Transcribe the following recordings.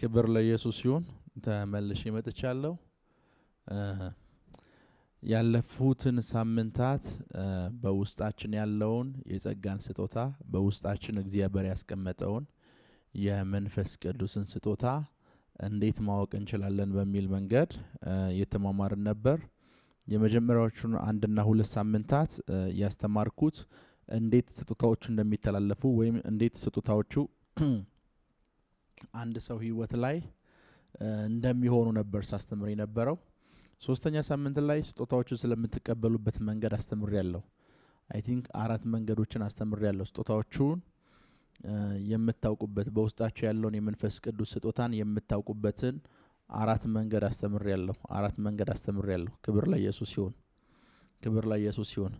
ክብር ለኢየሱስ ይሁን። ተመልሼ መጥቻለሁ። ያለፉትን ሳምንታት በውስጣችን ያለውን የጸጋን ስጦታ በውስጣችን እግዚአብሔር ያስቀመጠውን የመንፈስ ቅዱስን ስጦታ እንዴት ማወቅ እንችላለን በሚል መንገድ የተማማርን ነበር። የመጀመሪያዎቹን አንድና ሁለት ሳምንታት ያስተማርኩት እንዴት ስጦታዎቹ እንደሚተላለፉ ወይም እንዴት ስጦታዎቹ አንድ ሰው ህይወት ላይ እንደሚሆኑ ነበር ሳስተምር የነበረው። ሶስተኛ ሳምንት ላይ ስጦታዎችን ስለምትቀበሉበት መንገድ አስተምር ያለው አይ ቲንክ አራት መንገዶችን አስተምር ያለው ስጦታዎቹን የምታውቁበት በውስጣቸው ያለውን የመንፈስ ቅዱስ ስጦታን የምታውቁበትን አራት መንገድ አስተምር ያለው አራት መንገድ አስተምር ያለው ክብር ላይ ኢየሱስ ሲሆን ክብር ላይ ኢየሱስ ሲሆን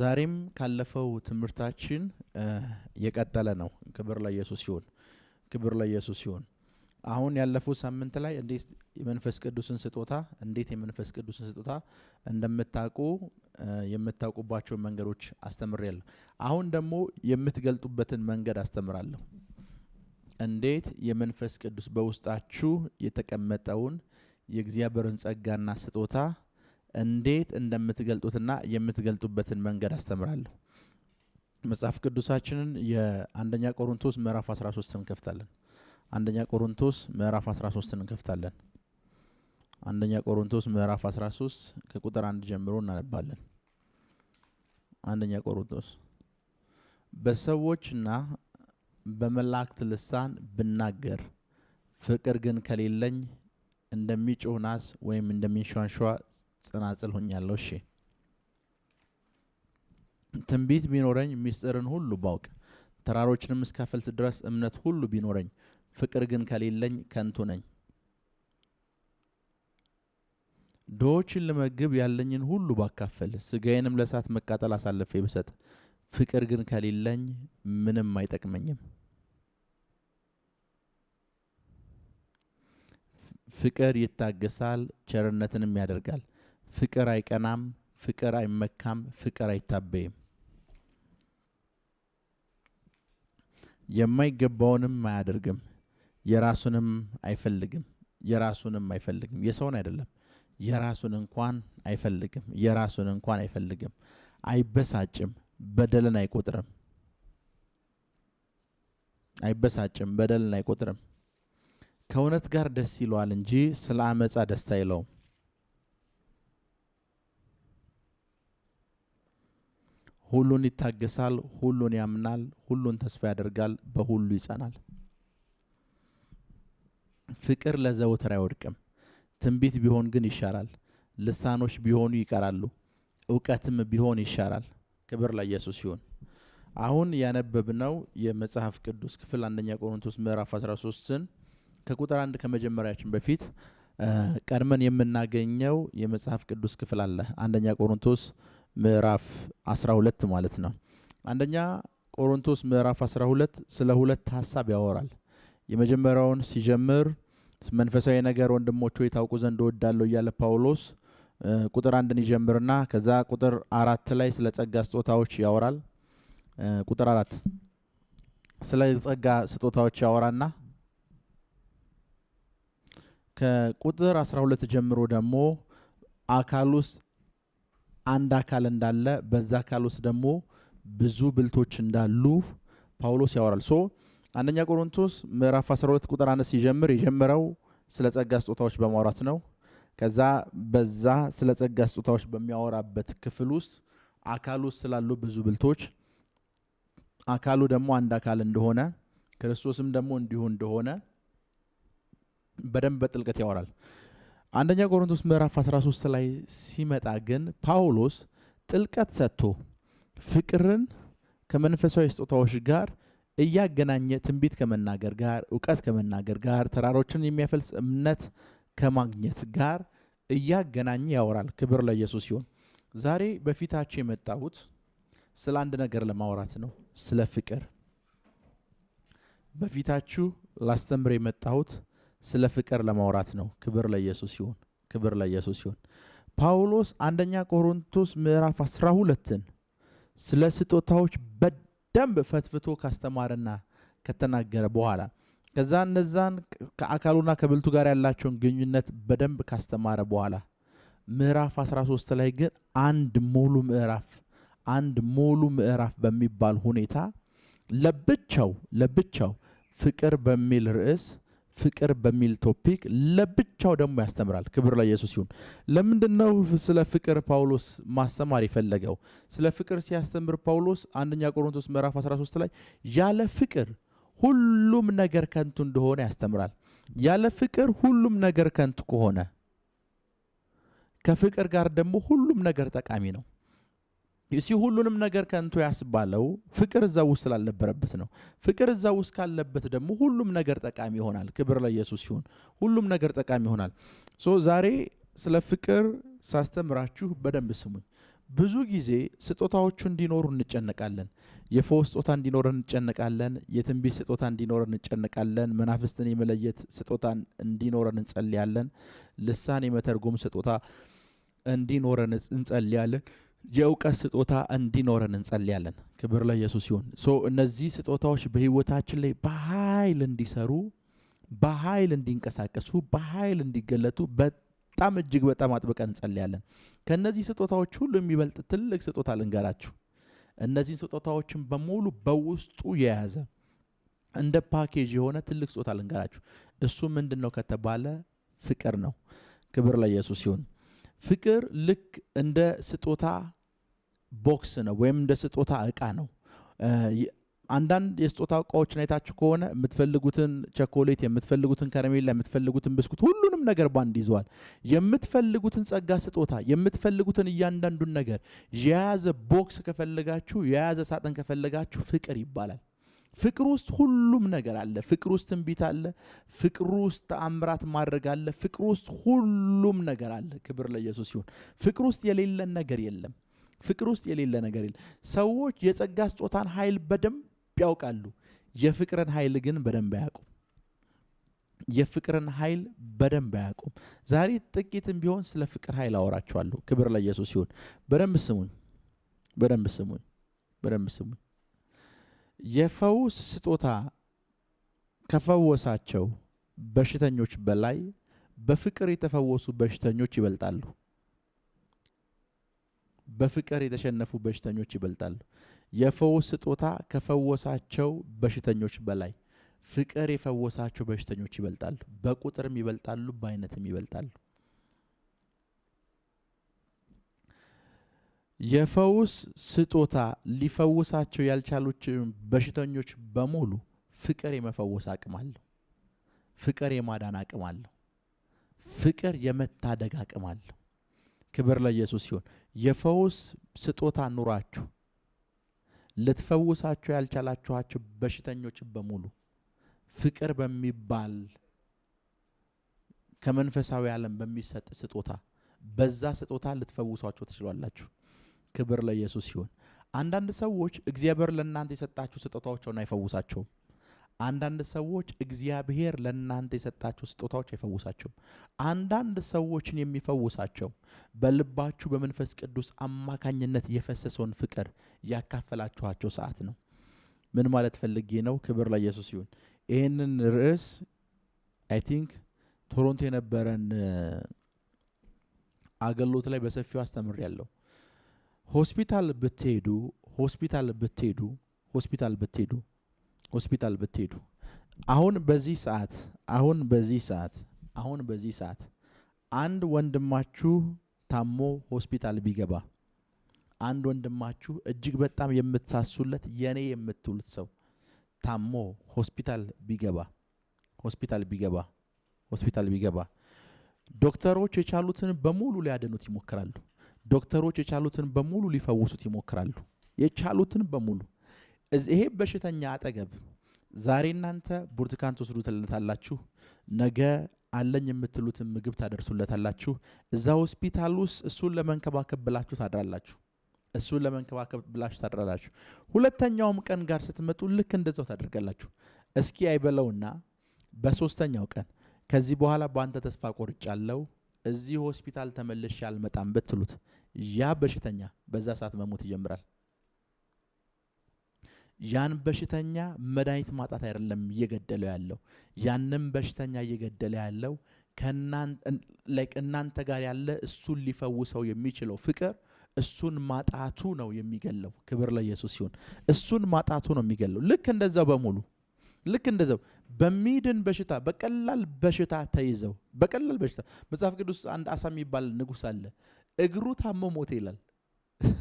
ዛሬም ካለፈው ትምህርታችን የቀጠለ ነው። ክብር ላይ ኢየሱስ ሲሆን ክብር ለኢየሱስ ይሁን። አሁን ያለፉት ሳምንት ላይ እንዴት የመንፈስ ቅዱስን ስጦታ እንዴት የመንፈስ ቅዱስን ስጦታ እንደምታውቁ የምታውቁባቸውን መንገዶች አስተምሬያለሁ። አሁን ደግሞ የምትገልጡበትን መንገድ አስተምራለሁ። እንዴት የመንፈስ ቅዱስ በውስጣችሁ የተቀመጠውን የእግዚአብሔርን ጸጋና ስጦታ እንዴት እንደምትገልጡትና የምትገልጡበትን መንገድ አስተምራለሁ። መጽሐፍ ቅዱሳችንን የአንደኛ ቆሮንቶስ ምዕራፍ 13 እንከፍታለን። አንደኛ ቆሮንቶስ ምዕራፍ 13 እንከፍታለን። አንደኛ ቆሮንቶስ ምዕራፍ 13 ከቁጥር አንድ ጀምሮ እናነባለን። አንደኛ ቆሮንቶስ በሰዎችና በመላእክት ልሳን ብናገር ፍቅር ግን ከሌለኝ እንደሚጮህ ናስ ወይም እንደሚንሸዋንሸዋ ጽናጽል ሆኛለሁ። እሺ ትንቢት ቢኖረኝ ምስጢርን ሁሉ ባውቅ ተራሮችንም እስካፈልስ ድረስ እምነት ሁሉ ቢኖረኝ ፍቅር ግን ከሌለኝ ከንቱ ነኝ። ድሆችን ልመግብ ያለኝን ሁሉ ባካፈል ስጋዬንም ለእሳት መቃጠል አሳልፌ ብሰጥ ፍቅር ግን ከሌለኝ ምንም አይጠቅመኝም። ፍቅር ይታገሳል፣ ቸርነትንም ያደርጋል። ፍቅር አይቀናም፣ ፍቅር አይመካም፣ ፍቅር አይታበይም። የማይገባውንም አያደርግም፣ የራሱንም አይፈልግም። የራሱንም አይፈልግም፣ የሰውን አይደለም። የራሱን እንኳን አይፈልግም፣ የራሱን እንኳን አይፈልግም። አይበሳጭም፣ በደልን አይቆጥርም። አይበሳጭም፣ በደልን አይቆጥርም። ከእውነት ጋር ደስ ይለዋል እንጂ ስለ አመፃ ደስ አይለውም። ሁሉን ይታገሳል፣ ሁሉን ያምናል፣ ሁሉን ተስፋ ያደርጋል፣ በሁሉ ይጸናል። ፍቅር ለዘወትር አይወድቅም። ትንቢት ቢሆን ግን ይሻራል፣ ልሳኖች ቢሆኑ ይቀራሉ፣ እውቀትም ቢሆን ይሻራል። ክብር ለኢየሱስ ይሁን። አሁን ያነበብነው የመጽሐፍ ቅዱስ ክፍል አንደኛ ቆሮንቶስ ምዕራፍ 13ን ከቁጥር አንድ ከመጀመሪያችን በፊት ቀድመን የምናገኘው የመጽሐፍ ቅዱስ ክፍል አለ። አንደኛ ቆሮንቶስ ምዕራፍ 12 ማለት ነው። አንደኛ ቆሮንቶስ ምዕራፍ 12 ስለ ሁለት ሀሳብ ያወራል። የመጀመሪያውን ሲጀምር መንፈሳዊ ነገር ወንድሞች ሆይ ታውቁ ዘንድ እወዳለሁ እያለ ጳውሎስ ቁጥር አንድን ይጀምርና ከዛ ቁጥር አራት ላይ ስለ ጸጋ ስጦታዎች ያወራል። ቁጥር አራት ስለ ጸጋ ስጦታዎች ያወራና ከቁጥር አስራ ሁለት ጀምሮ ደግሞ አካል ውስጥ አንድ አካል እንዳለ በዛ አካል ውስጥ ደግሞ ብዙ ብልቶች እንዳሉ ጳውሎስ ያወራል። ሶ አንደኛ ቆሮንቶስ ምዕራፍ 12 ቁጥር አንድ ሲጀምር የጀመረው ስለ ጸጋ ስጦታዎች በማውራት ነው። ከዛ በዛ ስለ ጸጋ ስጦታዎች በሚያወራበት ክፍል ውስጥ አካሉ ስላሉ ብዙ ብልቶች አካሉ ደግሞ አንድ አካል እንደሆነ ክርስቶስም ደግሞ እንዲሁ እንደሆነ በደንብ በጥልቀት ያወራል። አንደኛ ቆሮንቶስ ምዕራፍ 13 ላይ ሲመጣ ግን ጳውሎስ ጥልቀት ሰጥቶ ፍቅርን ከመንፈሳዊ ስጦታዎች ጋር እያገናኘ ትንቢት ከመናገር ጋር፣ እውቀት ከመናገር ጋር፣ ተራሮችን የሚያፈልስ እምነት ከማግኘት ጋር እያገናኘ ያወራል። ክብር ለኢየሱስ ይሁን። ዛሬ በፊታችሁ የመጣሁት ስለ አንድ ነገር ለማውራት ነው፣ ስለ ፍቅር። በፊታችሁ ላስተምር የመጣሁት ስለ ፍቅር ለማውራት ነው። ክብር ለኢየሱስ ይሁን፣ ክብር ለኢየሱስ ይሁን። ጳውሎስ አንደኛ ቆሮንቶስ ምዕራፍ አስራ ሁለትን ስለ ስጦታዎች በደንብ ፈትፍቶ ካስተማረና ከተናገረ በኋላ ከዛ እነዛን ከአካሉና ከብልቱ ጋር ያላቸውን ግንኙነት በደንብ ካስተማረ በኋላ ምዕራፍ 13 ላይ ግን አንድ ሙሉ ምዕራፍ አንድ ሙሉ ምዕራፍ በሚባል ሁኔታ ለብቻው ለብቻው ፍቅር በሚል ርዕስ ፍቅር በሚል ቶፒክ ለብቻው ደግሞ ያስተምራል። ክብር ለኢየሱስ ይሁን። ለምንድን ነው ስለ ፍቅር ጳውሎስ ማስተማር የፈለገው? ስለ ፍቅር ሲያስተምር ጳውሎስ አንደኛ ቆሮንቶስ ምዕራፍ 13 ላይ ያለ ፍቅር ሁሉም ነገር ከንቱ እንደሆነ ያስተምራል። ያለ ፍቅር ሁሉም ነገር ከንቱ ከሆነ ከፍቅር ጋር ደግሞ ሁሉም ነገር ጠቃሚ ነው። ሲ ሁሉንም ነገር ከንቱ ያስባለው ፍቅር እዛ ውስጥ ስላልነበረበት ነው። ፍቅር እዛ ውስጥ ካለበት ደግሞ ሁሉም ነገር ጠቃሚ ይሆናል። ክብር ለኢየሱስ ሲሆን ሁሉም ነገር ጠቃሚ ይሆናል። ሶ ዛሬ ስለ ፍቅር ሳስተምራችሁ በደንብ ስሙኝ። ብዙ ጊዜ ስጦታዎቹ እንዲኖሩ እንጨነቃለን። የፈውስ ስጦታ እንዲኖር እንጨነቃለን። የትንቢት ስጦታ እንዲኖር እንጨነቃለን። መናፍስትን የመለየት ስጦታን እንዲኖረን እንጸልያለን። ልሳን የመተርጎም ስጦታ እንዲኖረን እንጸልያለን። የእውቀት ስጦታ እንዲኖረን እንጸልያለን። ክብር ለኢየሱስ ይሁን። እነዚህ ስጦታዎች በህይወታችን ላይ በኃይል እንዲሰሩ፣ በኃይል እንዲንቀሳቀሱ፣ በኃይል እንዲገለጡ በጣም እጅግ በጣም አጥብቀን እንጸልያለን። ከእነዚህ ስጦታዎች ሁሉ የሚበልጥ ትልቅ ስጦታ ልንገራችሁ። እነዚህን ስጦታዎችን በሙሉ በውስጡ የያዘ እንደ ፓኬጅ የሆነ ትልቅ ስጦታ ልንገራችሁ። እሱ ምንድን ነው ከተባለ ፍቅር ነው። ክብር ለኢየሱስ ይሁን። ፍቅር ልክ እንደ ስጦታ ቦክስ ነው ወይም እንደ ስጦታ እቃ ነው። አንዳንድ የስጦታ እቃዎችን አይታችሁ ከሆነ የምትፈልጉትን ቸኮሌት፣ የምትፈልጉትን ከረሜላ፣ የምትፈልጉትን ብስኩት ሁሉንም ነገር ባንድ ይዘዋል። የምትፈልጉትን ጸጋ፣ ስጦታ፣ የምትፈልጉትን እያንዳንዱን ነገር የያዘ ቦክስ ከፈለጋችሁ፣ የያዘ ሳጥን ከፈለጋችሁ ፍቅር ይባላል። ፍቅር ውስጥ ሁሉም ነገር አለ። ፍቅር ውስጥ ትንቢት አለ። ፍቅር ውስጥ ተአምራት ማድረግ አለ። ፍቅር ውስጥ ሁሉም ነገር አለ። ክብር ለኢየሱስ ይሁን። ፍቅር ውስጥ የሌለን ነገር የለም። ፍቅር ውስጥ የሌለ ነገር የለም። ሰዎች የጸጋ ስጦታን ኃይል በደንብ ያውቃሉ። የፍቅርን ኃይል ግን በደንብ አያውቁም። የፍቅርን ኃይል በደንብ አያውቁም። ዛሬ ጥቂትም ቢሆን ስለ ፍቅር ኃይል አወራቸዋለሁ። ክብር ለኢየሱስ ይሁን። በደንብ ስሙኝ። በደንብ ስሙኝ። በደንብ ስሙኝ። የፈውስ ስጦታ ከፈወሳቸው በሽተኞች በላይ በፍቅር የተፈወሱ በሽተኞች ይበልጣሉ። በፍቅር የተሸነፉ በሽተኞች ይበልጣሉ። የፈውስ ስጦታ ከፈወሳቸው በሽተኞች በላይ ፍቅር የፈወሳቸው በሽተኞች ይበልጣሉ። በቁጥርም ይበልጣሉ፣ በአይነትም ይበልጣሉ። የፈውስ ስጦታ ሊፈውሳቸው ያልቻሉች በሽተኞች በሙሉ ፍቅር የመፈወስ አቅም አለው። ፍቅር የማዳን አቅም አለው። ፍቅር የመታደግ አቅም አለው። ክብር ለኢየሱስ ሲሆን የፈውስ ስጦታ ኑሯችሁ ልትፈውሳቸው ያልቻላችኋቸው በሽተኞች በሙሉ ፍቅር በሚባል ከመንፈሳዊ ዓለም በሚሰጥ ስጦታ በዛ ስጦታ ልትፈውሷቸው ትችሏላችሁ። ክብር ለኢየሱስ ይሁን። አንዳንድ ሰዎች እግዚአብሔር ለእናንተ የሰጣችሁ ስጦታዎችን አይፈውሳቸውም። አንዳንድ ሰዎች እግዚአብሔር ለእናንተ የሰጣችሁ ስጦታዎች አይፈውሳቸውም። አንዳንድ ሰዎችን የሚፈውሳቸው በልባችሁ በመንፈስ ቅዱስ አማካኝነት የፈሰሰውን ፍቅር ያካፈላችኋቸው ሰዓት ነው። ምን ማለት ፈልጌ ነው? ክብር ለኢየሱስ ይሁን። ይህንን ርዕስ አይ ቲንክ ቶሮንቶ የነበረን አገልግሎት ላይ በሰፊው አስተምሬያለሁ። ሆስፒታል ብትሄዱ ሆስፒታል ብትሄዱ ሆስፒታል ብትሄዱ ሆስፒታል ብትሄዱ አሁን በዚህ ሰዓት አሁን በዚህ ሰዓት አሁን በዚህ ሰዓት አንድ ወንድማችሁ ታሞ ሆስፒታል ቢገባ አንድ ወንድማችሁ እጅግ በጣም የምትሳሱለት የኔ የምትውሉት ሰው ታሞ ሆስፒታል ቢገባ ሆስፒታል ቢገባ ሆስፒታል ቢገባ ዶክተሮች የቻሉትን በሙሉ ሊያደኑት ይሞክራሉ። ዶክተሮች የቻሉትን በሙሉ ሊፈውሱት ይሞክራሉ። የቻሉትን በሙሉ ይሄ በሽተኛ አጠገብ ዛሬ እናንተ ብርቱካን ትወስዱለታላችሁ፣ ነገ አለኝ የምትሉትን ምግብ ታደርሱለታላችሁ። እዛ ሆስፒታል ውስጥ እሱን ለመንከባከብ ብላችሁ ታድራላችሁ። እሱን ለመንከባከብ ብላችሁ ታድራላችሁ። ሁለተኛውም ቀን ጋር ስትመጡ ልክ እንደዛው ታደርጋላችሁ። እስኪ አይበለውና በሶስተኛው ቀን ከዚህ በኋላ በአንተ ተስፋ ቆርጫለው እዚህ ሆስፒታል ተመልሼ ያልመጣም ብትሉት ያ በሽተኛ በዛ ሰዓት መሞት ይጀምራል። ያን በሽተኛ መድኃኒት ማጣት አይደለም እየገደለው ያለው። ያንም በሽተኛ እየገደለ ያለው እናንተ ጋር ያለ እሱን ሊፈውሰው የሚችለው ፍቅር እሱን ማጣቱ ነው የሚገለው። ክብር ለኢየሱስ ሲሆን እሱን ማጣቱ ነው የሚገለው። ልክ እንደዛው በሙሉ ልክ እንደዛው በሚድን በሽታ በቀላል በሽታ ተይዘው በቀላል በሽታ መጽሐፍ ቅዱስ አንድ አሳ የሚባል ንጉሥ አለ። እግሩ ታሞ ሞተ ይላል።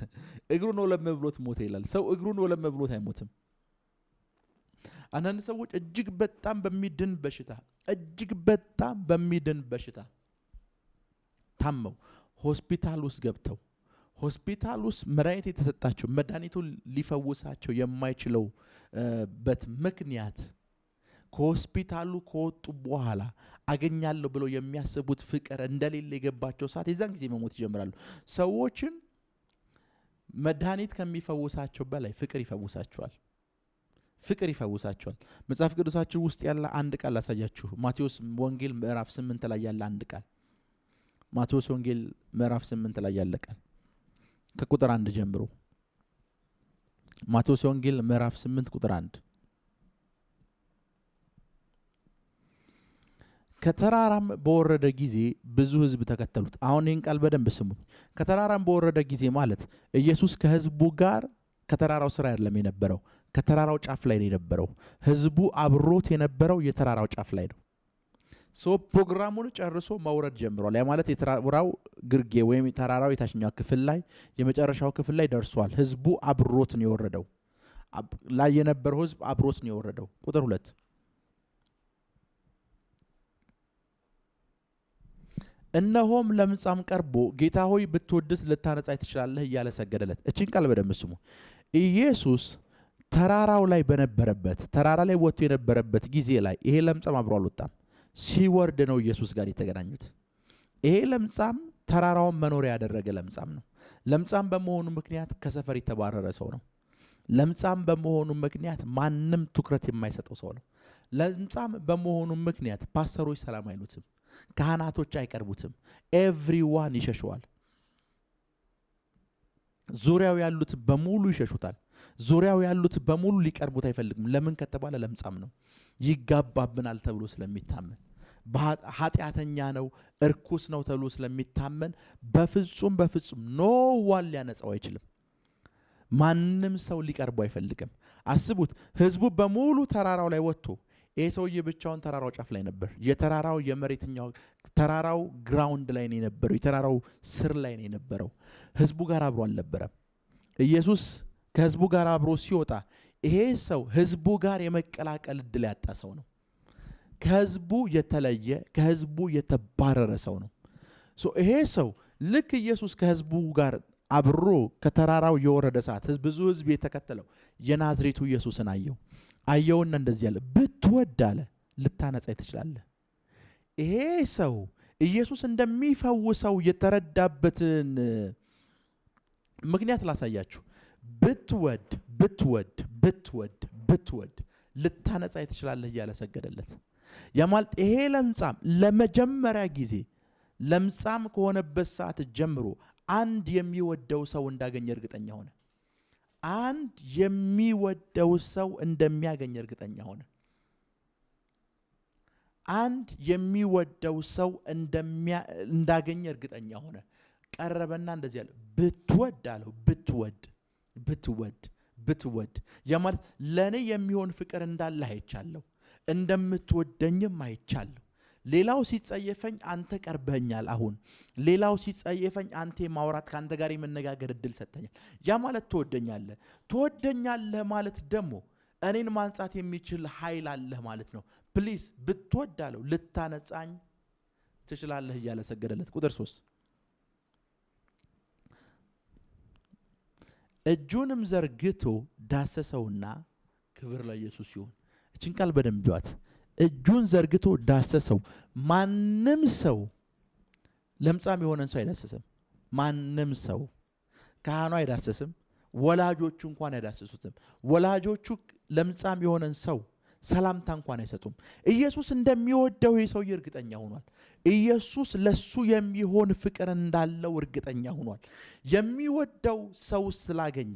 እግሩን ወለም ብሎት ሞተ ይላል። ሰው እግሩን ወለመብሎት ብሎት አይሞትም። አንዳንድ ሰዎች እጅግ በጣም በሚድን በሽታ እጅግ በጣም በሚድን በሽታ ታመው ሆስፒታል ውስጥ ገብተው ሆስፒታል ውስጥ መድኃኒት የተሰጣቸው መድኃኒቱን ሊፈውሳቸው የማይችለውበት ምክንያት ከሆስፒታሉ ከወጡ በኋላ አገኛለሁ ብለው የሚያስቡት ፍቅር እንደሌለ የገባቸው ሰዓት የዛን ጊዜ መሞት ይጀምራሉ። ሰዎችን መድኃኒት ከሚፈውሳቸው በላይ ፍቅር ይፈውሳቸዋል። ፍቅር ይፈውሳቸዋል። መጽሐፍ ቅዱሳችን ውስጥ ያለ አንድ ቃል ላሳያችሁ። ማቴዎስ ወንጌል ምዕራፍ ስምንት ላይ ያለ አንድ ቃል ማቴዎስ ወንጌል ምዕራፍ ስምንት ላይ ያለ ቃል ከቁጥር አንድ ጀምሮ ማቴዎስ ወንጌል ምዕራፍ ስምንት ቁጥር አንድ ከተራራም በወረደ ጊዜ ብዙ ህዝብ ተከተሉት። አሁን ይህን ቃል በደንብ ስሙኝ። ከተራራም በወረደ ጊዜ ማለት ኢየሱስ ከህዝቡ ጋር ከተራራው ስራ አይደለም የነበረው፣ ከተራራው ጫፍ ላይ ነው የነበረው። ህዝቡ አብሮት የነበረው የተራራው ጫፍ ላይ ነው። ሶ ፕሮግራሙን ጨርሶ መውረድ ጀምሯል። ያ ማለት የተራራው ግርጌ ወይም የተራራው የታችኛው ክፍል ላይ የመጨረሻው ክፍል ላይ ደርሷል። ህዝቡ አብሮት ነው የወረደው። ላይ የነበረው ህዝብ አብሮት ነው የወረደው። ቁጥር ሁለት እነሆም ለምጻም ቀርቦ ጌታ ሆይ ብትወድስ ልታነጻይ ትችላለህ እያለ ሰገደለት። እችን ቃል በደንብ ስሙ። ኢየሱስ ተራራው ላይ በነበረበት ተራራ ላይ ወጥቶ የነበረበት ጊዜ ላይ ይሄ ለምጻም አብሮ አልወጣም። ሲወርድ ነው ኢየሱስ ጋር የተገናኙት። ይሄ ለምጻም ተራራውን መኖሪያ ያደረገ ለምጻም ነው። ለምጻም በመሆኑ ምክንያት ከሰፈር የተባረረ ሰው ነው። ለምጻም በመሆኑ ምክንያት ማንም ትኩረት የማይሰጠው ሰው ነው። ለምጻም በመሆኑ ምክንያት ፓስተሮች ሰላም አይሉትም። ካህናቶች አይቀርቡትም። ኤቭሪዋን ይሸሸዋል። ዙሪያው ያሉት በሙሉ ይሸሹታል። ዙሪያው ያሉት በሙሉ ሊቀርቡት አይፈልግም። ለምን ከተባለ ለምጻም ነው፣ ይጋባብናል ተብሎ ስለሚታመን ኃጢአተኛ ነው፣ እርኩስ ነው ተብሎ ስለሚታመን በፍጹም በፍጹም ኖ ሊያነጻው አይችልም። ማንም ሰው ሊቀርቡ አይፈልግም። አስቡት፣ ህዝቡ በሙሉ ተራራው ላይ ወጥቶ ይሄ ሰውዬ ብቻውን ተራራው ጫፍ ላይ ነበር። የተራራው የመሬትኛው ተራራው ግራውንድ ላይ ነው የነበረው። የተራራው ስር ላይ ነው የነበረው። ህዝቡ ጋር አብሮ አልነበረም። ኢየሱስ ከህዝቡ ጋር አብሮ ሲወጣ ይሄ ሰው ህዝቡ ጋር የመቀላቀል እድል ያጣ ሰው ነው። ከህዝቡ የተለየ ከህዝቡ የተባረረ ሰው ነው። ይሄ ሰው ልክ ኢየሱስ ከህዝቡ ጋር አብሮ ከተራራው የወረደ ሰዓት ብዙ ህዝብ የተከተለው የናዝሬቱ ኢየሱስን አየው። አየውና እንደዚህ ያለ ብትወድ አለ ልታነጻ ትችላለህ። ይሄ ሰው ኢየሱስ እንደሚፈውሰው የተረዳበትን ምክንያት ላሳያችሁ። ብትወድ ብትወድ ብትወድ ብትወድ ልታነጻ ትችላለህ እያለ ሰገደለት። ያማልጥ ይሄ ለምጻም ለመጀመሪያ ጊዜ ለምጻም ከሆነበት ሰዓት ጀምሮ አንድ የሚወደው ሰው እንዳገኘ እርግጠኛ ሆነ። አንድ የሚወደው ሰው እንደሚያገኝ እርግጠኛ ሆነ። አንድ የሚወደው ሰው እንዳገኘ እርግጠኛ ሆነ። ቀረበና እንደዚህ ያለ ብትወድ አለው። ብትወድ ብትወድ ብትወድ የማለት ለእኔ የሚሆን ፍቅር እንዳለህ አይቻለሁ፣ እንደምትወደኝም አይቻለሁ ሌላው ሲጸየፈኝ አንተ ቀርበኛል። አሁን ሌላው ሲጸየፈኝ አንተ የማውራት ከአንተ ጋር የመነጋገር እድል ሰጥተኛል። ያ ማለት ትወደኛለህ። ትወደኛለህ ማለት ደግሞ እኔን ማንጻት የሚችል ኃይል አለህ ማለት ነው። ፕሊስ ብትወዳለው ልታነጻኝ ትችላለህ እያለ ሰገደለት። ቁጥር ሶስት እጁንም ዘርግቶ ዳሰሰውና ክብር ለኢየሱስ ይሁን። እችን ቃል በደንብ ቢዋት እጁን ዘርግቶ ዳሰሰው። ማንም ሰው ለምጻም የሆነን ሰው አይዳሰስም። ማንም ሰው ካህኑ አይዳሰስም። ወላጆቹ እንኳን አይዳሰሱትም። ወላጆቹ ለምጻም የሆነን ሰው ሰላምታ እንኳን አይሰጡም። ኢየሱስ እንደሚወደው ይህ ሰውዬ እርግጠኛ ሆኗል። ኢየሱስ ለሱ የሚሆን ፍቅር እንዳለው እርግጠኛ ሆኗል። የሚወደው ሰው ስላገኘ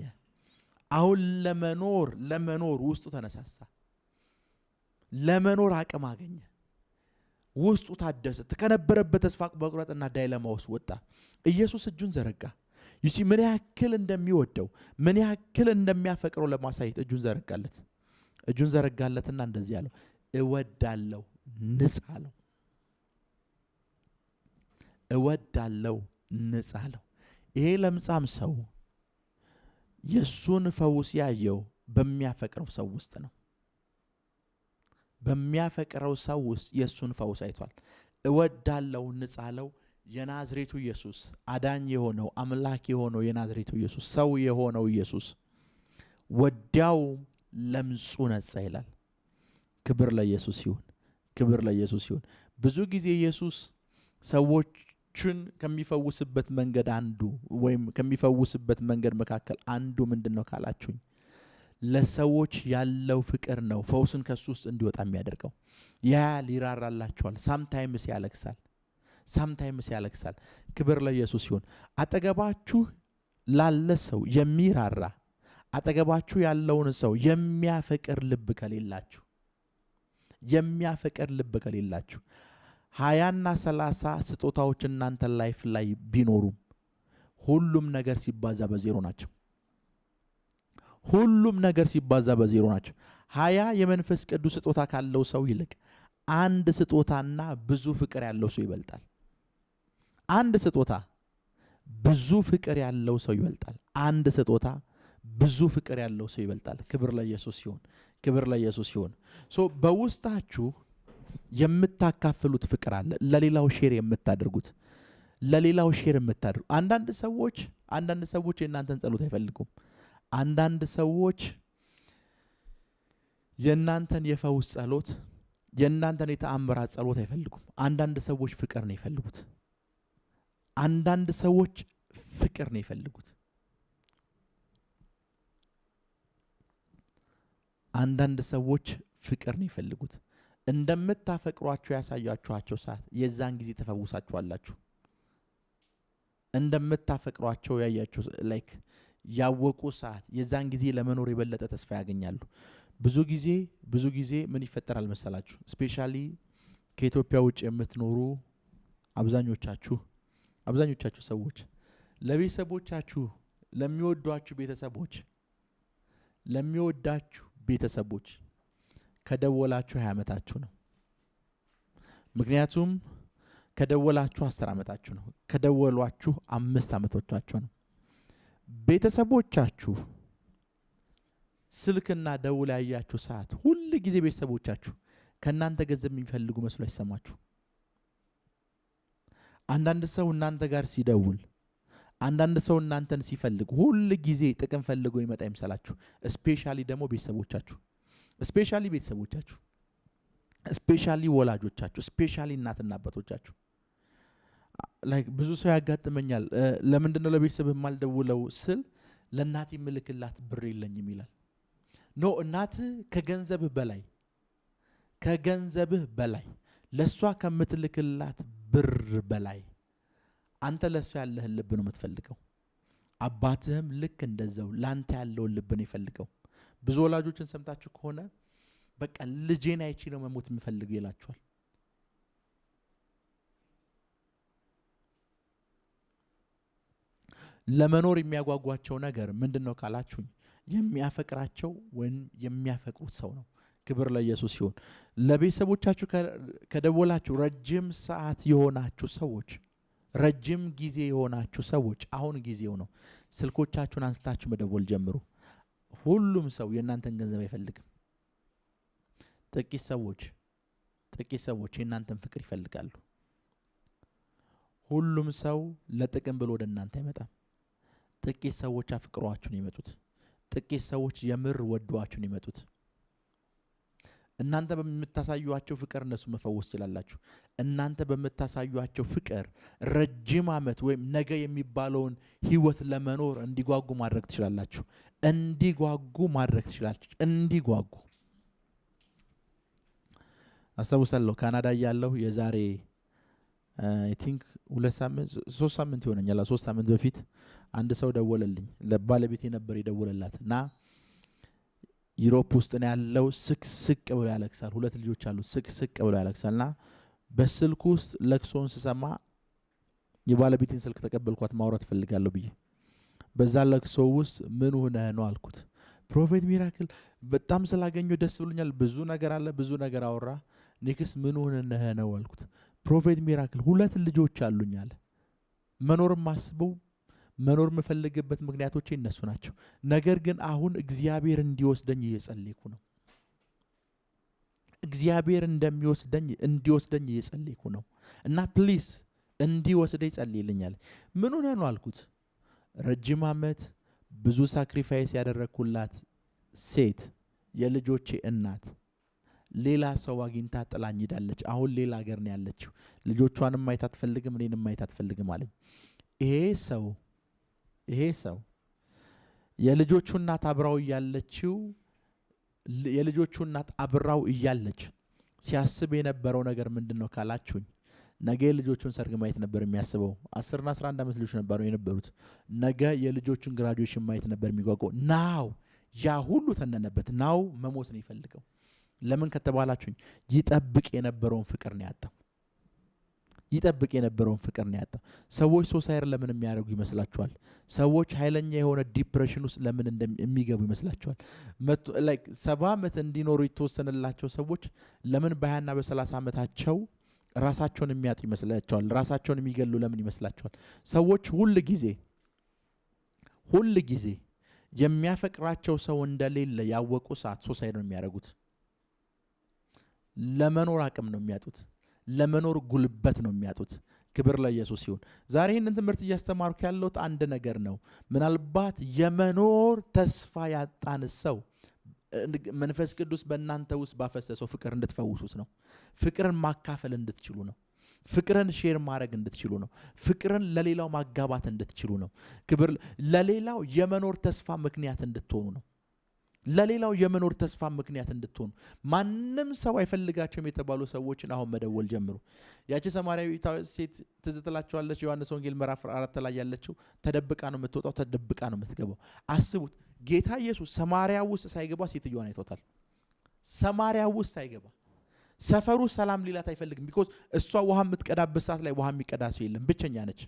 አሁን ለመኖር ለመኖር ውስጡ ተነሳሳ። ለመኖር አቅም አገኘ። ውስጡ ታደሰ። ከነበረበት ተስፋ መቁረጥና ዳይለማ ውስጥ ወጣ። ኢየሱስ እጁን ዘረጋ። ይቺ ምን ያክል እንደሚወደው ምን ያክል እንደሚያፈቅረው ለማሳየት እጁን ዘረጋለት። እጁን ዘረጋለትና እንደዚህ ያለው እወዳለው፣ ንጻ አለው። እወዳለው፣ ንጻ አለው። ይሄ ለምጻም ሰው የእሱን ፈውስ ያየው በሚያፈቅረው ሰው ውስጥ ነው። በሚያፈቅረው ሰው ውስጥ የእሱን ፈውስ አይቷል። እወዳለው ንጻለው የናዝሬቱ ኢየሱስ አዳኝ የሆነው አምላክ የሆነው የናዝሬቱ ኢየሱስ ሰው የሆነው ኢየሱስ ወዲያው ለምጹ ነጻ ይላል። ክብር ለኢየሱስ ይሁን፣ ክብር ለኢየሱስ ይሁን። ብዙ ጊዜ ኢየሱስ ሰዎችን ከሚፈውስበት መንገድ አንዱ ወይም ከሚፈውስበት መንገድ መካከል አንዱ ምንድን ነው ካላችሁኝ ለሰዎች ያለው ፍቅር ነው ፈውስን ከሱ ውስጥ እንዲወጣ የሚያደርገው። ያ ሊራራላቸዋል ሳምታይምስ ያለቅሳል። ሳምታይምስ ያለቅሳል። ክብር ለኢየሱስ ይሁን። አጠገባችሁ ላለ ሰው የሚራራ አጠገባችሁ ያለውን ሰው የሚያፈቅር ልብ ከሌላችሁ የሚያፈቅር ልብ ከሌላችሁ ሀያና ሰላሳ ስጦታዎች እናንተ ላይፍ ላይ ቢኖሩም ሁሉም ነገር ሲባዛ በዜሮ ናቸው። ሁሉም ነገር ሲባዛ በዜሮ ናቸው። ሀያ የመንፈስ ቅዱስ ስጦታ ካለው ሰው ይልቅ አንድ ስጦታና ብዙ ፍቅር ያለው ሰው ይበልጣል። አንድ ስጦታ ብዙ ፍቅር ያለው ሰው ይበልጣል። አንድ ስጦታ ብዙ ፍቅር ያለው ሰው ይበልጣል። ክብር ለኢየሱስ ሲሆን ክብር ለኢየሱስ ሲሆን ሶ በውስጣችሁ የምታካፍሉት ፍቅር አለ። ለሌላው ሼር የምታደርጉት ለሌላው ሼር የምታደርጉ አንዳንድ ሰዎች አንዳንድ ሰዎች የእናንተን ጸሎት አይፈልጉም። አንዳንድ ሰዎች የእናንተን የፈውስ ጸሎት የእናንተን የተአምራት ጸሎት አይፈልጉም። አንዳንድ ሰዎች ፍቅር ነው የፈልጉት። አንዳንድ ሰዎች ፍቅር ነው የፈልጉት። አንዳንድ ሰዎች ፍቅር ነው የፈልጉት። እንደምታፈቅሯቸው ያሳያችኋቸው ሰዓት የዛን ጊዜ ተፈውሳችኋላችሁ። እንደምታፈቅሯቸው ያያችሁ ላይክ ያወቁ ሰዓት የዛን ጊዜ ለመኖር የበለጠ ተስፋ ያገኛሉ። ብዙ ጊዜ ብዙ ጊዜ ምን ይፈጠራል መሰላችሁ? ስፔሻሊ ከኢትዮጵያ ውጭ የምትኖሩ አብዛኞቻችሁ አብዛኞቻችሁ ሰዎች ለቤተሰቦቻችሁ ለሚወዷችሁ ቤተሰቦች ለሚወዳችሁ ቤተሰቦች ከደወላችሁ ሀያ ዓመታችሁ ነው። ምክንያቱም ከደወላችሁ አስር ዓመታችሁ ነው። ከደወሏችሁ አምስት ዓመቶቻቸው ነው። ቤተሰቦቻችሁ ስልክና ደውል ያያችሁ ሰዓት ሁል ጊዜ ቤተሰቦቻችሁ ከእናንተ ገንዘብ የሚፈልጉ መስሎ አይሰማችሁ። አንዳንድ ሰው እናንተ ጋር ሲደውል፣ አንዳንድ ሰው እናንተን ሲፈልግ ሁል ጊዜ ጥቅም ፈልጎ ይመጣ ይምሰላችሁ። ስፔሻሊ ደግሞ ቤተሰቦቻችሁ፣ ስፔሻሊ ቤተሰቦቻችሁ፣ ስፔሻሊ ወላጆቻችሁ፣ ስፔሻሊ እናትና አባቶቻችሁ ብዙ ሰው ያጋጥመኛል። ለምንድን ነው ለቤተሰብ የማልደውለው ስል ለእናት የምልክላት ብር የለኝም ይላል። ኖ እናት ከገንዘብህ በላይ ከገንዘብህ በላይ ለእሷ ከምትልክላት ብር በላይ አንተ ለእሷ ያለህን ልብ ነው የምትፈልገው። አባትህም ልክ እንደዛው ለአንተ ያለውን ልብ ነው የፈልገው። ብዙ ወላጆችን ሰምታችሁ ከሆነ በቃ ልጄን ነው መሞት የሚፈልገው ይላችኋል። ለመኖር የሚያጓጓቸው ነገር ምንድን ነው ካላችሁኝ፣ የሚያፈቅራቸው ወይም የሚያፈቅሩት ሰው ነው። ክብር ለኢየሱስ ሲሆን ለቤተሰቦቻችሁ ከደወላችሁ ረጅም ሰዓት የሆናችሁ ሰዎች፣ ረጅም ጊዜ የሆናችሁ ሰዎች አሁን ጊዜው ነው። ስልኮቻችሁን አንስታችሁ መደወል ጀምሩ። ሁሉም ሰው የእናንተን ገንዘብ አይፈልግም። ጥቂት ሰዎች ጥቂት ሰዎች የእናንተን ፍቅር ይፈልጋሉ። ሁሉም ሰው ለጥቅም ብሎ ወደ እናንተ አይመጣም። ጥቂት ሰዎች አፍቅሯችሁን ይመጡት ጥቂት ሰዎች የምር ወዷችሁን ይመጡት እናንተ በምታሳዩቸው ፍቅር እነሱ መፈወስ ይችላላችሁ እናንተ በምታሳዩቸው ፍቅር ረጅም ዓመት ወይም ነገ የሚባለውን ህይወት ለመኖር እንዲጓጉ ማድረግ ትችላላችሁ። እንዲጓጉ ማድረግ ትችላላችሁ። እንዲጓጉ አስታውሳለሁ ካናዳ እያለሁ የዛሬ አይ ቲንክ ሁለት ሳምንት ሶስት ሳምንት ይሆነኛል። ሶስት ሳምንት በፊት አንድ ሰው ደወለልኝ። ለባለቤቴ ነበር የደወለላት እና ዩሮፕ ውስጥ ነው ያለው። ስቅስቅ ብሎ ያለቅሳል። ሁለት ልጆች አሉት። ስቅስቅ ብሎ ያለቅሳል ና በስልኩ ውስጥ ለቅሶውን ስሰማ የባለቤቴን ስልክ ተቀበልኳት። ማውራት ፈልጋለሁ ብዬ በዛ ለቅሶ ውስጥ ምን ሆነ ነው አልኩት። ፕሮፌት ሚራክል በጣም ስላገኘው ደስ ብሎኛል። ብዙ ነገር አለ። ብዙ ነገር አወራ። ኔክስት ምን ሆነህ ነው አልኩት። ፕሮፌት ሚራክል ሁለት ልጆች አሉኛል። መኖር ማስበው መኖር የምፈልግበት ምክንያቶች እነሱ ናቸው። ነገር ግን አሁን እግዚአብሔር እንዲወስደኝ እየጸለይኩ ነው። እግዚአብሔር እንደሚወስደኝ እንዲወስደኝ እየጸለይኩ ነው እና ፕሊስ እንዲወስደኝ ጸልይልኛል። ምን ሆነ ነው አልኩት። ረጅም ዓመት ብዙ ሳክሪፋይስ ያደረግኩላት ሴት የልጆቼ እናት ሌላ ሰው አግኝታ ጥላኝ ሄዳለች። አሁን ሌላ ሀገር ነው ያለችው። ልጆቿንም ማየት አትፈልግም፣ እኔንም ማየት አትፈልግም አለኝ። ይሄ ሰው ይሄ ሰው የልጆቹ እናት አብራው እያለችው የልጆቹ እናት አብራው እያለች ሲያስብ የነበረው ነገር ምንድን ነው ካላችሁኝ፣ ነገ የልጆቹን ሰርግ ማየት ነበር የሚያስበው። አስርና አስራ አንድ ዓመት ልጆች ነበሩ የነበሩት። ነገ የልጆቹን ግራጁዌሽን ማየት ነበር የሚጓጓው። ናው ያ ሁሉ ተነነበት። ናው መሞት ነው ይፈልገው። ለምን ከተባላችሁኝ ይጠብቅ የነበረውን ፍቅር ነው ያጣው። ይጠብቅ የነበረውን ፍቅር ነው ያጣው። ሰዎች ሶሳይድ ለምን የሚያደርጉ ይመስላችኋል? ሰዎች ኃይለኛ የሆነ ዲፕሬሽን ውስጥ ለምን የሚገቡ ይመስላችኋል? ሰባ ዓመት እንዲኖሩ የተወሰነላቸው ሰዎች ለምን በሀያና በሰላሳ ዓመታቸው ራሳቸውን የሚያጡ ይመስላቸዋል? ራሳቸውን የሚገሉ ለምን ይመስላቸዋል? ሰዎች ሁል ጊዜ ሁል ጊዜ የሚያፈቅራቸው ሰው እንደሌለ ያወቁ ሰዓት ሶሳይድ ነው የሚያደርጉት። ለመኖር አቅም ነው የሚያጡት። ለመኖር ጉልበት ነው የሚያጡት። ክብር ለኢየሱስ ይሁን። ዛሬ ይህንን ትምህርት እያስተማርኩ ያለሁት አንድ ነገር ነው። ምናልባት የመኖር ተስፋ ያጣን ሰው መንፈስ ቅዱስ በእናንተ ውስጥ ባፈሰሰው ፍቅር እንድትፈውሱት ነው። ፍቅርን ማካፈል እንድትችሉ ነው። ፍቅርን ሼር ማድረግ እንድትችሉ ነው። ፍቅርን ለሌላው ማጋባት እንድትችሉ ነው። ክብር ለሌላው የመኖር ተስፋ ምክንያት እንድትሆኑ ነው። ለሌላው የመኖር ተስፋ ምክንያት እንድትሆኑ ማንም ሰው አይፈልጋቸውም የተባሉ ሰዎችን አሁን መደወል ጀምሩ። ያቺ ሰማርያዊ ሴት ትዝትላቸዋለች። ዮሐንስ ወንጌል ምዕራፍ አራት ላይ ያለችው ተደብቃ ነው የምትወጣው፣ ተደብቃ ነው የምትገባው። አስቡት፣ ጌታ ኢየሱስ ሰማርያ ውስጥ ሳይገባ ሴትዮዋን አይቶታል። ሰማርያ ውስጥ ሳይገባ ሰፈሩ ሰላም ሊላት አይፈልግም። ቢኮዝ እሷ ውሃ የምትቀዳበት ሰዓት ላይ ውሃ የሚቀዳ ሰው የለም። ብቸኛ ነች፣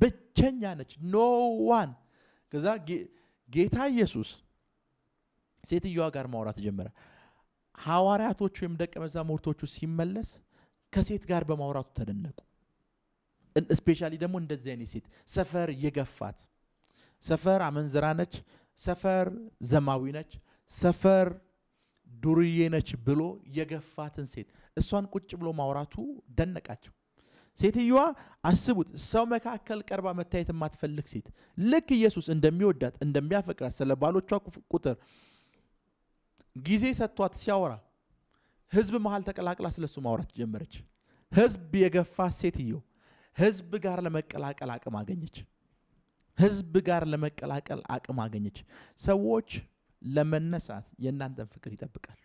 ብቸኛ ነች። ኖ ዋን ከዛ ጌታ ኢየሱስ ሴትዮዋ ጋር ማውራት ጀመረ። ሐዋርያቶች ወይም ደቀ መዛሙርቶቹ ሲመለስ ከሴት ጋር በማውራቱ ተደነቁ። እስፔሻሊ ደግሞ እንደዚህ አይነት ሴት ሰፈር የገፋት ሰፈር አመንዝራ ነች፣ ሰፈር ዘማዊ ነች፣ ሰፈር ዱርዬ ነች ብሎ የገፋትን ሴት እሷን ቁጭ ብሎ ማውራቱ ደነቃቸው። ሴትዮዋ አስቡት፣ ሰው መካከል ቀርባ መታየት የማትፈልግ ሴት ልክ ኢየሱስ እንደሚወዳት እንደሚያፈቅራት ስለ ባሎቿ ቁጥር ጊዜ ሰጥቷት ሲያወራ ህዝብ መሀል ተቀላቅላ ስለሱ ማውራት ጀመረች። ህዝብ የገፋ ሴትዮ ህዝብ ጋር ለመቀላቀል አቅም አገኘች። ህዝብ ጋር ለመቀላቀል አቅም አገኘች። ሰዎች ለመነሳት የእናንተን ፍቅር ይጠብቃሉ።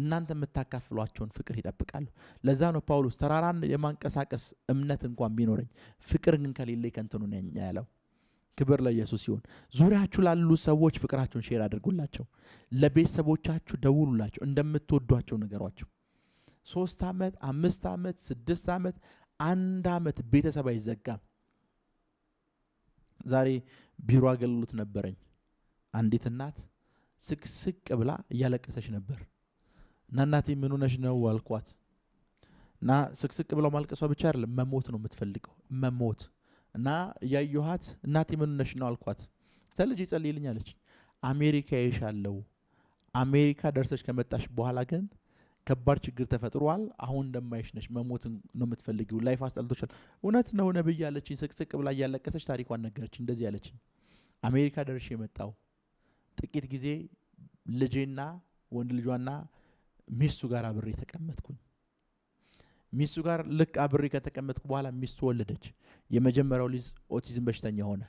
እናንተ የምታካፍሏቸውን ፍቅር ይጠብቃሉ። ለዛ ነው ጳውሎስ ተራራን የማንቀሳቀስ እምነት እንኳን ቢኖረኝ ፍቅር ግን ከሌለ ከንትኑ ያለው። ክብር ለኢየሱስ ይሁን። ዙሪያችሁ ላሉ ሰዎች ፍቅራችሁን ሼር አድርጉላቸው። ለቤተሰቦቻችሁ ደውሉላቸው። እንደምትወዷቸው ነገሯቸው። ሶስት ዓመት አምስት ዓመት ስድስት ዓመት አንድ ዓመት ቤተሰብ አይዘጋም። ዛሬ ቢሮ አገልግሎት ነበረኝ። አንዲት እናት ስቅስቅ ብላ እያለቀሰች ነበር እና እናቴ ምን ሆነሽ ነው አልኳት እና ስቅስቅ ብለው ማልቀሷ ብቻ አይደለም መሞት ነው የምትፈልገው መሞት እና እያየኋት እናቴ ምንነሽ ነው አልኳት። ተልጅ ይጸልይልኝ አለች። አሜሪካ ይሻለው አሜሪካ ደርሰች ከመጣሽ በኋላ ግን ከባድ ችግር ተፈጥሯል። አሁን እንደማይሽ ነች። መሞት ነው የምትፈልጊው። ላይፍ አስጠልቶሻል። እውነት ነው ነብይ አለችኝ። ስቅስቅ ብላ እያለቀሰች ታሪኳን ነገረች። እንደዚህ አለችኝ። አሜሪካ ደርሼ የመጣው ጥቂት ጊዜ ልጄና ወንድ ልጇና ሚስቱ ጋር አብሬ ተቀመጥኩኝ። ሚስቱ ጋር ልክ አብሬ ከተቀመጥኩ በኋላ ሚስቱ ወለደች። የመጀመሪያው ልጅ ኦቲዝም በሽተኛ ሆነ።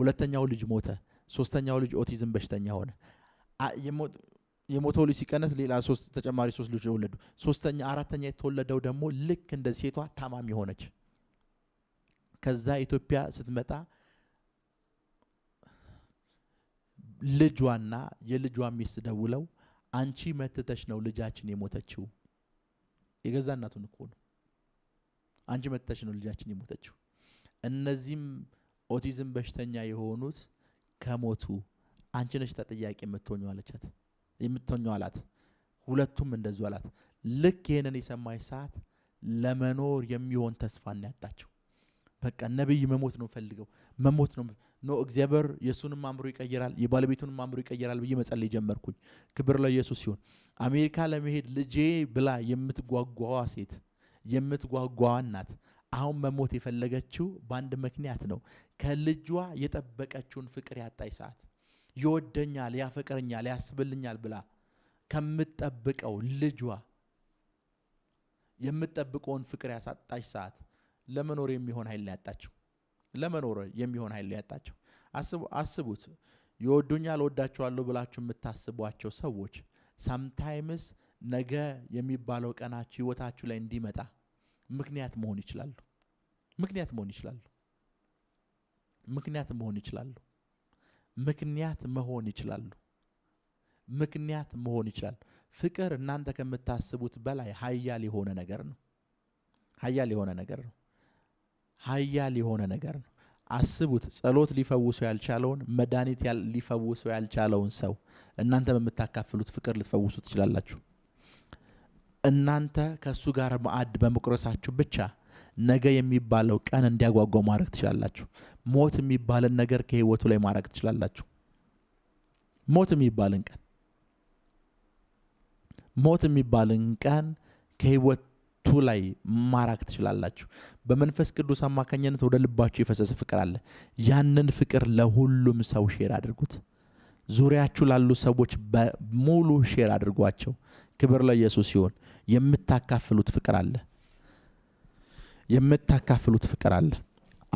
ሁለተኛው ልጅ ሞተ። ሶስተኛው ልጅ ኦቲዝም በሽተኛ ሆነ። የሞተው ልጅ ሲቀነስ ሌላ ሶስት ተጨማሪ ሶስት ልጅ ወለዱ። ሶስተኛ አራተኛ የተወለደው ደግሞ ልክ እንደ ሴቷ ታማሚ ሆነች። ከዛ ኢትዮጵያ ስትመጣ ልጇና የልጇ ሚስት ደውለው አንቺ መትተሽ ነው ልጃችን የሞተችው የገዛ እናቱን እኮ ነው። አንቺ መጥተሽ ነው ልጃችን የሞተችው። እነዚህም ኦቲዝም በሽተኛ የሆኑት ከሞቱ አንቺ ነሽ ተጠያቂ የምትሆኙ አለቻት፣ የምትሆኙ አላት። ሁለቱም እንደዙ አላት። ልክ ይህንን የሰማች ሰዓት ለመኖር የሚሆን ተስፋ እናያጣቸው። በቃ ነቢይ መሞት ነው ፈልገው መሞት ነው ኖ እግዚአብሔር የእሱንም አእምሮ ይቀይራል፣ የባለቤቱንም አእምሮ ይቀይራል ብዬ መጸለይ ጀመርኩኝ። ክብር ለኢየሱስ ይሁን። አሜሪካ ለመሄድ ልጄ ብላ የምትጓጓዋ ሴት የምትጓጓዋ እናት አሁን መሞት የፈለገችው በአንድ ምክንያት ነው። ከልጇ የጠበቀችውን ፍቅር ያጣች ሰዓት ይወደኛል፣ ያፈቅረኛል፣ ያስብልኛል ብላ ከምትጠብቀው ልጇ የምትጠብቀውን ፍቅር ያሳጣች ሰዓት ለመኖር የሚሆን ኃይል ያጣችው ለመኖር የሚሆን ኃይል ያጣቸው። አስቡት፣ ይወዱኛል ወዳቸዋለሁ ብላችሁ የምታስቧቸው ሰዎች ሳምታይምስ ነገ የሚባለው ቀናችሁ ህይወታችሁ ላይ እንዲመጣ ምክንያት መሆን ይችላሉ። ምክንያት መሆን ይችላሉ። ምክንያት መሆን ይችላሉ። ምክንያት መሆን ይችላሉ። ምክንያት መሆን ይችላል። ፍቅር እናንተ ከምታስቡት በላይ ሀያል የሆነ ነገር ነው። ሀያል የሆነ ነገር ነው። ሀያል የሆነ ነገር ነው። አስቡት፣ ጸሎት ሊፈውሰው ያልቻለውን መድኃኒት ሊፈውሰው ያልቻለውን ሰው እናንተ በምታካፍሉት ፍቅር ልትፈውሱ ትችላላችሁ። እናንተ ከእሱ ጋር ማዕድ በመቁረሳችሁ ብቻ ነገ የሚባለው ቀን እንዲያጓጓው ማድረግ ትችላላችሁ። ሞት የሚባልን ነገር ከህይወቱ ላይ ማድረግ ትችላላችሁ። ሞት የሚባልን ቀን ሞት የሚባልን ቀን ከህይወት ቱ ላይ ማራክ ትችላላችሁ። በመንፈስ ቅዱስ አማካኝነት ወደ ልባችሁ የፈሰሰ ፍቅር አለ። ያንን ፍቅር ለሁሉም ሰው ሼር አድርጉት። ዙሪያችሁ ላሉ ሰዎች በሙሉ ሼር አድርጓቸው። ክብር ለኢየሱስ ሲሆን የምታካፍሉት ፍቅር አለ። የምታካፍሉት ፍቅር አለ።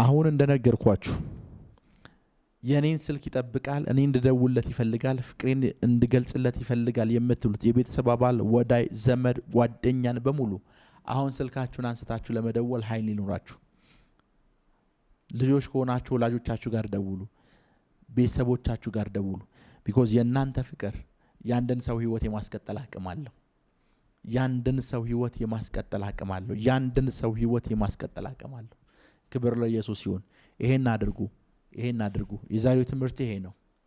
አሁን እንደነገርኳችሁ የእኔን ስልክ ይጠብቃል፣ እኔ እንድደውለት ይፈልጋል፣ ፍቅሬን እንድገልጽለት ይፈልጋል የምትሉት የቤተሰብ አባል፣ ወዳይ፣ ዘመድ፣ ጓደኛን በሙሉ አሁን ስልካችሁን አንስታችሁ ለመደወል ሀይል ይኑራችሁ። ልጆች ከሆናችሁ ወላጆቻችሁ ጋር ደውሉ፣ ቤተሰቦቻችሁ ጋር ደውሉ። ቢኮዝ የእናንተ ፍቅር ያንድን ሰው ህይወት የማስቀጠል አቅም አለው። ያንድን ሰው ህይወት የማስቀጠል አቅም አለው። ያንድን ሰው ህይወት የማስቀጠል አቅም አለው። ክብር ለኢየሱስ ይሁን። ይሄን አድርጉ፣ ይሄን አድርጉ። የዛሬው ትምህርት ይሄ ነው።